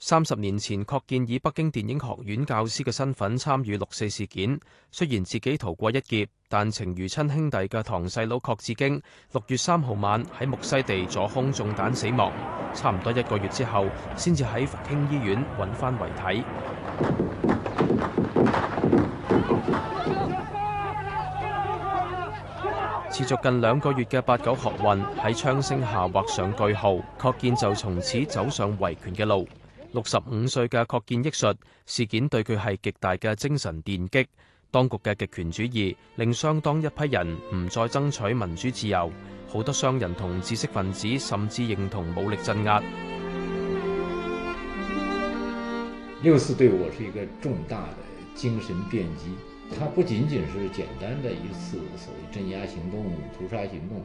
三十年前，郝建以北京電影學院教師嘅身份參與六四事件。雖然自己逃過一劫，但情如親兄弟嘅堂細佬郝志京，六月三號晚喺木樨地左胸中彈死亡。差唔多一個月之後，先至喺復興醫院揾翻遺體。持續近兩個月嘅八九學運喺槍聲下畫上句號，郝建就從此走上維權嘅路。六十五歲嘅郝建益術事件對佢係極大嘅精神電擊。當局嘅極權主義令相當一批人唔再爭取民主自由，好多商人同知識分子甚至認同武力鎮壓。六四對我是一個重大的精神電擊，它不僅僅是簡單的一次所謂鎮壓行動、屠殺行動。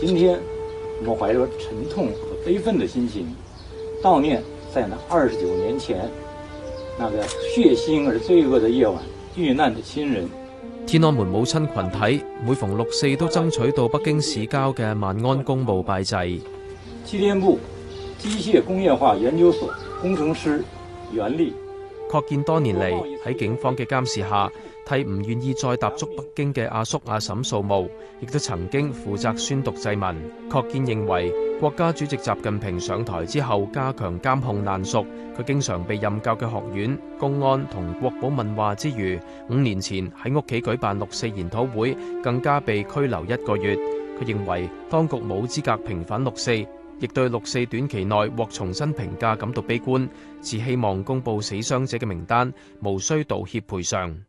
今天，我們懷着沉痛和悲憤的心情，悼念在那二十九年前那個血腥而罪惡的夜晚遇難的親人。天安門母親群體每逢六四都爭取到北京市郊嘅萬安公墓拜祭。機電部機械工業化研究所工程師袁力，確見多年嚟喺警方嘅監視下。替唔願意再踏足北京嘅阿叔阿嬸掃墓，亦都曾經負責宣讀祭文。郝建認為國家主席習近平上台之後加強監控難屬。佢經常被任教嘅學院、公安同國保問話之餘，五年前喺屋企舉辦六四研討會更加被拘留一個月。佢認為當局冇資格平反六四，亦對六四短期內獲重新評價感到悲觀，只希望公布死傷者嘅名單，無需道歉賠償。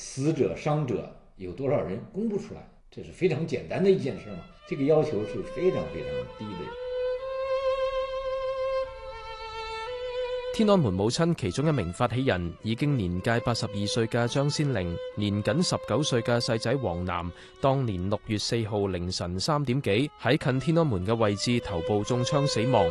死者傷者有多少人公布出來？這是非常簡單的一件事嘛。這個要求是非常非常低的。天安門母親其中一名發起人已經年屆八十二歲嘅張先玲，年僅十九歲嘅細仔王楠，當年六月四號凌晨三點幾喺近天安門嘅位置頭部中槍死亡。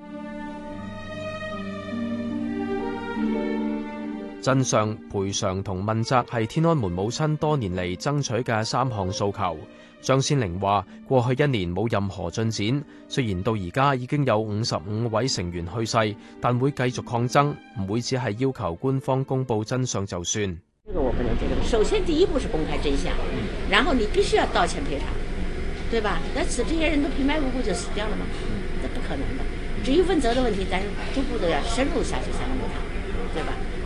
真相、賠償同問責係天安門母親多年嚟爭取嘅三項訴求。張先玲話，過去一年冇任何進展，雖然到而家已經有五十五位成員去世，但會繼續抗爭，唔會只係要求官方公布真相就算。這個我不能接受。首先第一步是公開真相，然後你必須要道歉賠償，對吧？那死這些人都平白無故就死掉了嘛？嗯，不可能的。至於問責的問題，咱逐步都要深入下去才能賠償，對吧？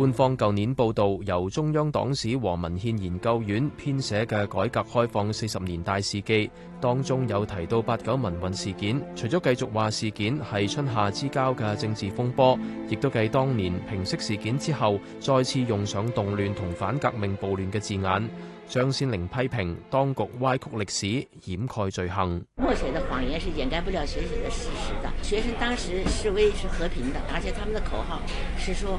官方舊年報道，由中央黨史和文獻研究院編寫嘅《改革開放四十年大事記》當中有提到八九民運事件，除咗繼續話事件係春夏之交嘅政治風波，亦都繼當年平息事件之後，再次用上動亂同反革命暴亂嘅字眼。張先玲批評當局歪曲歷史、掩蓋罪行。墨寫嘅謊言是掩蓋不了血寫的事實的。學生當時示威是和平的，而且他們的口號是說。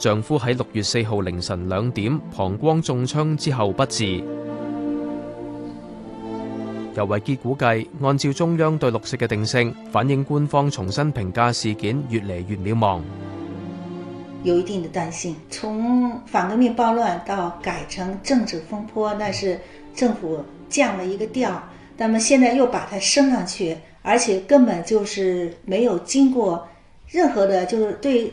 丈夫喺六月四號凌晨兩點膀胱中槍之後不治。尤維潔估計，按照中央對綠色嘅定性，反映官方重新評價事件越嚟越渺茫。有一定的擔心，從反革命暴亂到改成政治風波，但是政府降了一個調，那麼現在又把它升上去，而且根本就是沒有經過任何的，就是對。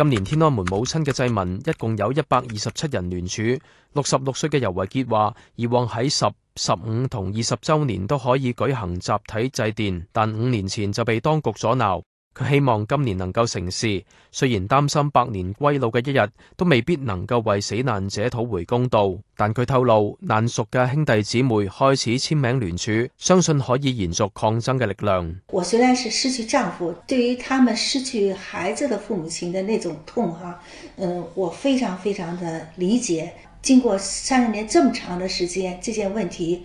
今年天安門母親嘅祭文一共有一百二十七人聯署。六十六歲嘅尤維潔話：以往喺十十五同二十週年都可以舉行集體祭奠，但五年前就被當局阻撓。佢希望今年能夠成事，雖然擔心百年歸老嘅一日都未必能夠為死難者討回公道，但佢透露難屬嘅兄弟姊妹開始簽名聯署，相信可以延續抗爭嘅力量。我雖然是失去丈夫，對於他們失去孩子的父母親的那種痛，哈，嗯，我非常非常的理解。經過三十年這麼長的時間，這些問題。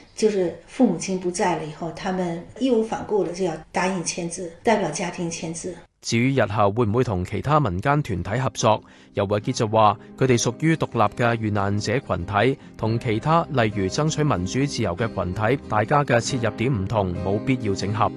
就是父母親不在了以後，他們義無反顧地就要答應簽字，代表家庭簽字。至於日後會唔會同其他民間團體合作，尤維潔就話：佢哋屬於獨立嘅遇難者群體，同其他例如爭取民主自由嘅群體，大家嘅切入點唔同，冇必要整合。